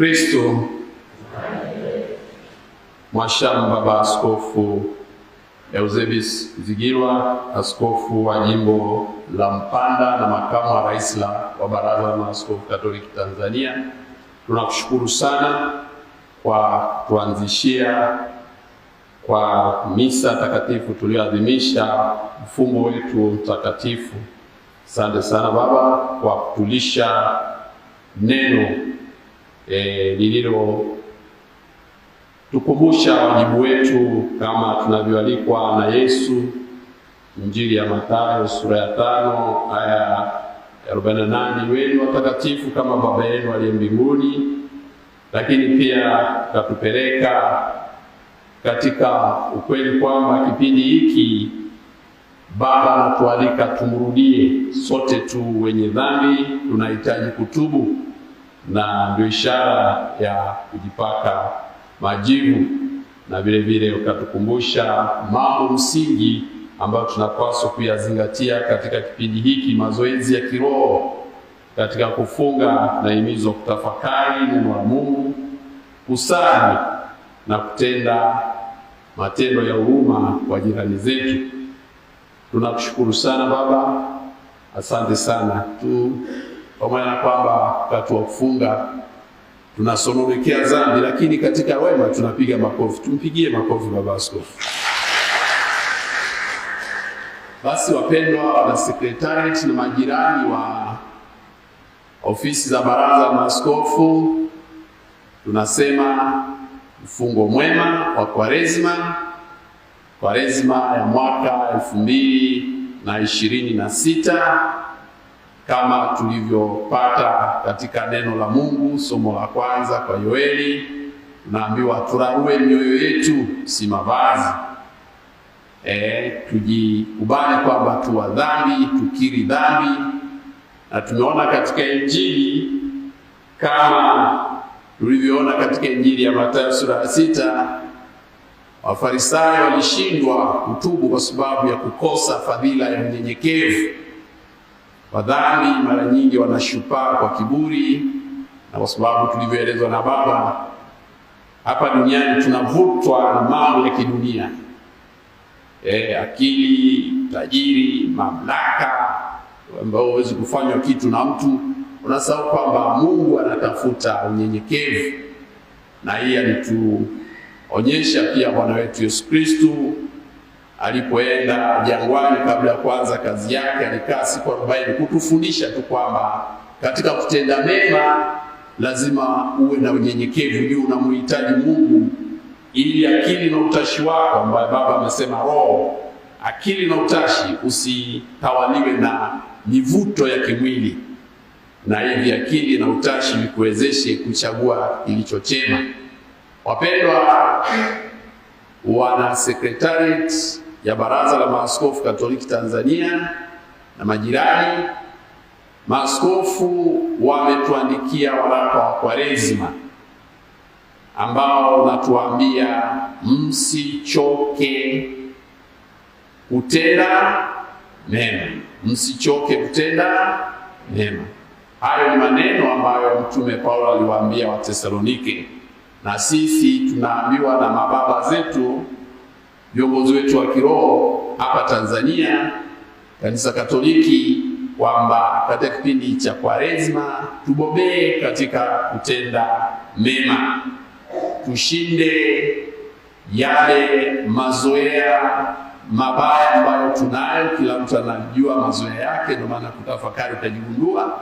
Kristo mwashamu Baba Askofu Eusebius Zigirwa, askofu wa jimbo la Mpanda na makamu wa rais wa Baraza la Maaskofu Katoliki Tanzania, tunakushukuru sana kwa kuanzishia kwa misa takatifu tulioadhimisha mfumo wetu mtakatifu. Asante sana Baba kwa kutulisha neno e, lililo tukumbusha wajibu wetu kama tunavyoalikwa na Yesu Injili ya Mathayo sura ya tano aya ya 48, wenu watakatifu kama Baba yenu aliye mbinguni. Lakini pia katupeleka katika ukweli kwamba kipindi hiki Baba anatualika tumrudie. Sote tu wenye dhambi tunahitaji kutubu na ndio ishara ya kujipaka majivu, na vile vile ukatukumbusha mambo msingi ambayo tunapaswa kuyazingatia katika kipindi hiki, mazoezi ya kiroho katika kufunga na himizo kutafakari neno la Mungu, kusali na kutenda matendo ya huruma kwa jirani zetu. Tunakushukuru sana Baba, asante sana tu kwa maana kwamba wakati wa kufunga tunasononekea dhambi, lakini katika wema tunapiga makofi. Tumpigie makofi baba askofu. Basi wapendwa, wana sekretariat na majirani wa ofisi za baraza la maaskofu, tunasema mfungo mwema wa kwarezima Kwaresma ya mwaka elfu mbili na ishirini na sita kama tulivyopata katika neno la Mungu, somo la kwanza kwa Yoeli, naambiwa turarue mioyo yetu, si mavazi e, tujikubali kwamba tuwa dhambi, tukiri dhambi, na tumeona katika Injili kama tulivyoona katika Injili ya Mathayo sura ya sita Wafarisayo walishindwa kutubu kwa sababu ya kukosa fadhila ya unyenyekevu. Wadhani mara nyingi wanashupaa kwa kiburi, na kwa sababu tulivyoelezwa na baba hapa duniani tunavutwa na mambo ya kidunia e, akili, tajiri, mamlaka, ambao huwezi kufanywa kitu na mtu. Unasahau kwamba Mungu anatafuta unyenyekevu, na hii alituonyesha pia Bwana wetu Yesu Kristu alipoenda jangwani kabla ya kuanza kazi yake, alikaa siku arobaini kutufundisha tu kwamba katika kutenda mema lazima uwe na unyenyekevu, juu unamhitaji Mungu ili akili na utashi wako, ambaye Baba amesema roho, akili na utashi usitawaliwe na mivuto ya kimwili, na hivi akili na utashi vikuwezeshe kuchagua kilicho chema. Wapendwa wana sekretariat ya Baraza la Maaskofu Katoliki Tanzania na majirani, maaskofu wametuandikia waraka wa Kwaresima ambao unatuambia msichoke kutenda mema, msichoke kutenda mema. Hayo ni maneno ambayo Mtume Paulo aliwaambia Watesalonike, na sisi tunaambiwa na mababa zetu viongozi wetu wa kiroho hapa Tanzania, kanisa Katoliki, kwamba katika kipindi cha Kwaresma tubobee katika kutenda mema, tushinde yale mazoea mabaya ambayo tunayo. Kila mtu anajua mazoea yake, ndio maana kutafakari, utajigundua